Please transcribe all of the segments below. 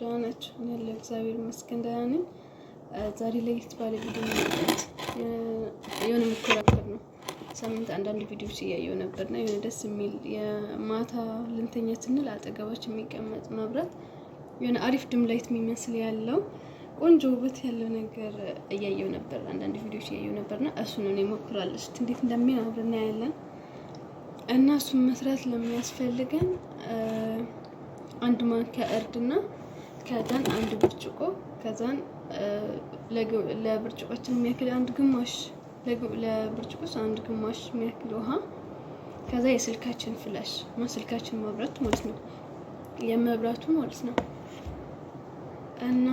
ደህና ናቸው? እኔ ያለው እግዚአብሔር ይመስገን ደህና ነኝ። ዛሬ ለየት ባለ ቪዲዮ መጣት የሆነ የምከራከር ነው። ሳምንት አንዳንድ ቪዲዮዎች ነበር ነበርና የሆነ ደስ የሚል የማታ ልንተኛ ስንል አጠገባችን የሚቀመጥ መብራት የሆነ አሪፍ ድም ላይት የሚመስል ያለው ቆንጆ ውበት ያለው ነገር እያየው ነበር። አንዳንድ ቪዲዮዎች እያየው ነበርና እሱን ነው እሞክራለሁ። እስኪ እንዴት እንደሚል አብረን እናያለን። እና እሱን መስራት ለሚያስፈልገን አንድ ማንኪያ እርድና ከዛን አንድ ብርጭቆ ከዛን ለብርጭቆችን የሚያክል አንድ ግማሽ ለብርጭቆች አንድ ግማሽ የሚያክል ውሃ ከዛ የስልካችን ፍላሽ ስልካችን መብራት ማለት ነው የመብራቱ ማለት ነው እና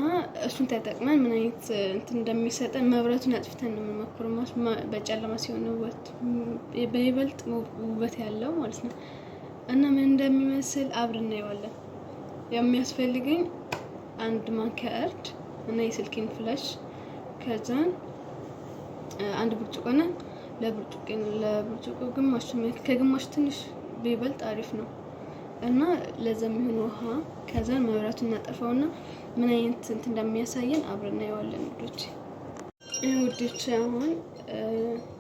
እሱን ተጠቅመን ምን አይነት እንትን እንደሚሰጠን መብራቱን አጥፍተን ነው በጨለማ ሲሆን ውበት በይበልጥ ውበት ያለው ማለት ነው እና ምን እንደሚመስል አብር እናየዋለን። የሚያስፈልገኝ አንድ ማንኪያ እርድ እና የስልኬን ፍላሽ ከዛን አንድ ብርጭቆና ለብርጭቆ ለብርጭቆ ግማሽ ከግማሽ ትንሽ ቢበልጥ አሪፍ ነው እና ለዛ የሚሆን ውሃ ከዛን መብራቱን እናጠፋውና ምን አይነት ስንት እንደሚያሳየን አብረን እናየዋለን ውዶች። ውዶች አሁን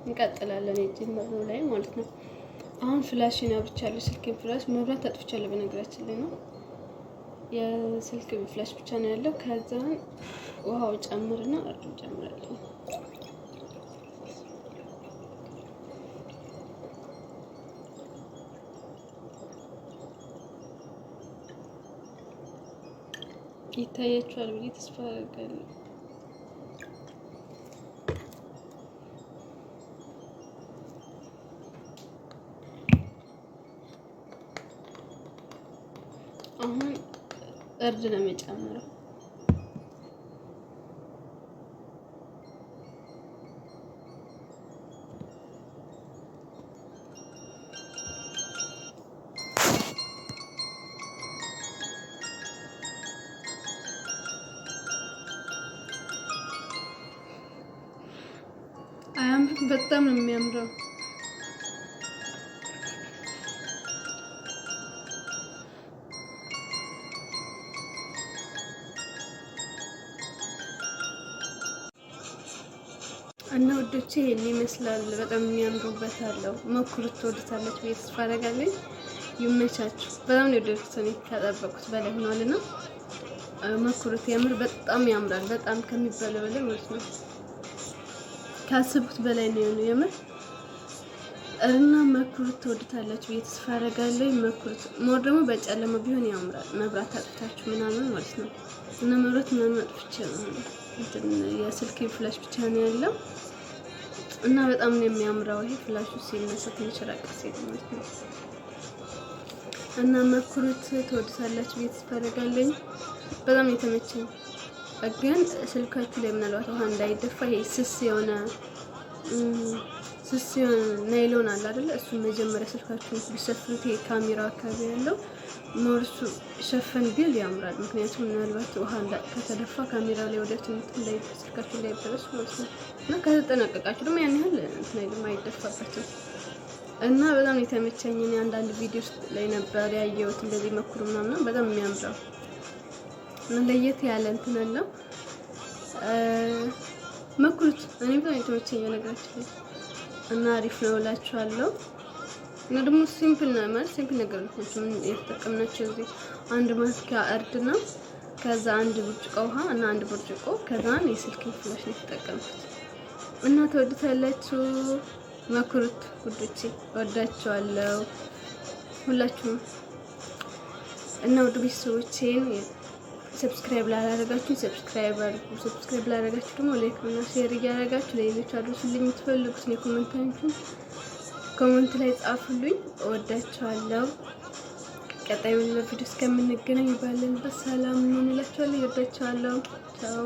እንቀጥላለን የጀመርነው ላይ ማለት ነው። አሁን ፍላሽ አብርቻለሁ፣ ስልኬን ፍላሽ መብራት አጥፍቻለሁ በነገራችን ላይ ነው የስልክ ፍላሽ ብቻ ነው ያለው። ከዛ ውሃው ጨምርና እርዱ ጨምራለሁ። ይታያችኋል ብዬ ተስፋ አደርጋለሁ። አሁን እርድ ነው የሚጨምረው። በጣም ነው የሚያምረው። እና ወዶቼ ይሄን ይመስላል። በጣም የሚያምሩበት አለው ሞክሩት፣ ትወዱታላችሁ ብዬ ተስፋ አደርጋለሁ። ይመቻችሁ። በጣም ነው የወደድኩት እኔ ከጠበቁት በላይ ሆኗል ና ሞክሩት። የምር በጣም ያምራል። በጣም ከሚባለው በላይ ማለት ነው። ካስቡት በላይ ነው የሆነው የምር እና ሞክሩት፣ ትወዱታላችሁ ብዬ ተስፋ አደርጋለሁ። ሞክሩት። ሞር ደግሞ በጨለማ ቢሆን ያምራል። መብራት አጥፍታችሁ ምናምን ማለት ነው እና መብራት ምናምን አጥፍቼ ነው የስልክ ፍላሽ ብቻ ነው ያለው እና በጣም ነው የሚያምረው። ይሄ ፍላሹ ሲነሳ ትንሽ ራቅ ሲል ማለት ነው እና መኩሩት፣ ትወዱታላችሁ ቤት ትፈልጋለኝ። በጣም የተመቸኝ ግን ስልካችሁ ላይ ምናልባት ውሃ እንዳይደፋ ይሄ ስስ የሆነ ስስ የሆነ ናይሎን አለ አይደለ? እሱም መጀመሪያ ስልካችሁን ቢሰፍሩት ይሄ ካሜራው አካባቢ ያለው ኖርሱ ሸፈን ቢል ያምራል። ምክንያቱም ምናልባት ውሃ ከተደፋ ካሜራ ላይ ወደ ትምህርት ላይ ስልካችሁ ላይ በረሱ ማለት ነው እና ከተጠናቀቃችሁ ደግሞ ያን ያህል እንትን አይልም አይደፋበትም። እና በጣም የተመቸኝን አንዳንድ ቪዲዮ ላይ ነበር ያየሁት እንደዚህ መኩር ምናምን በጣም የሚያምረው ለየት ያለ እንትን አለው። መኩሩት እኔ በጣም የተመቸኝ ነገራችን እና አሪፍ ነው እላችኋለሁ። እና ደግሞ ሲምፕል ነው ማለት ሲምፕል ነገር ነው የተጠቀምናቸው። እዚህ አንድ ማስኪያ እርድና ከዛ አንድ ብርጭቆ ውሃ እና አንድ ብርጭቆ ከዛን የስልክ ፍላሽ ነው የተጠቀምኩት። እና ተወዱታላችሁ፣ መኩሩት ውዶቼ፣ ወዳችኋለሁ ሁላችሁም። እና ውድ ቤተሰቦቼን ሰብስክራይብ ላላረጋችሁ ሰብስክራይብ አድርጉ። ሰብስክራይብ ላረጋችሁ ደግሞ ላይክ እና ሼር እያረጋችሁ ለሌሎች አድርሱልኝ። የምትፈልጉት ነው ኮሜንታችሁን ኮመንት ላይ ጻፉልኝ። እወዳችኋለሁ። ቀጣይ በሌላ ቪዲዮ እስከምንገናኝ ባለንበት ሰላም እንላችኋለን። እወዳችኋለሁ። ቻው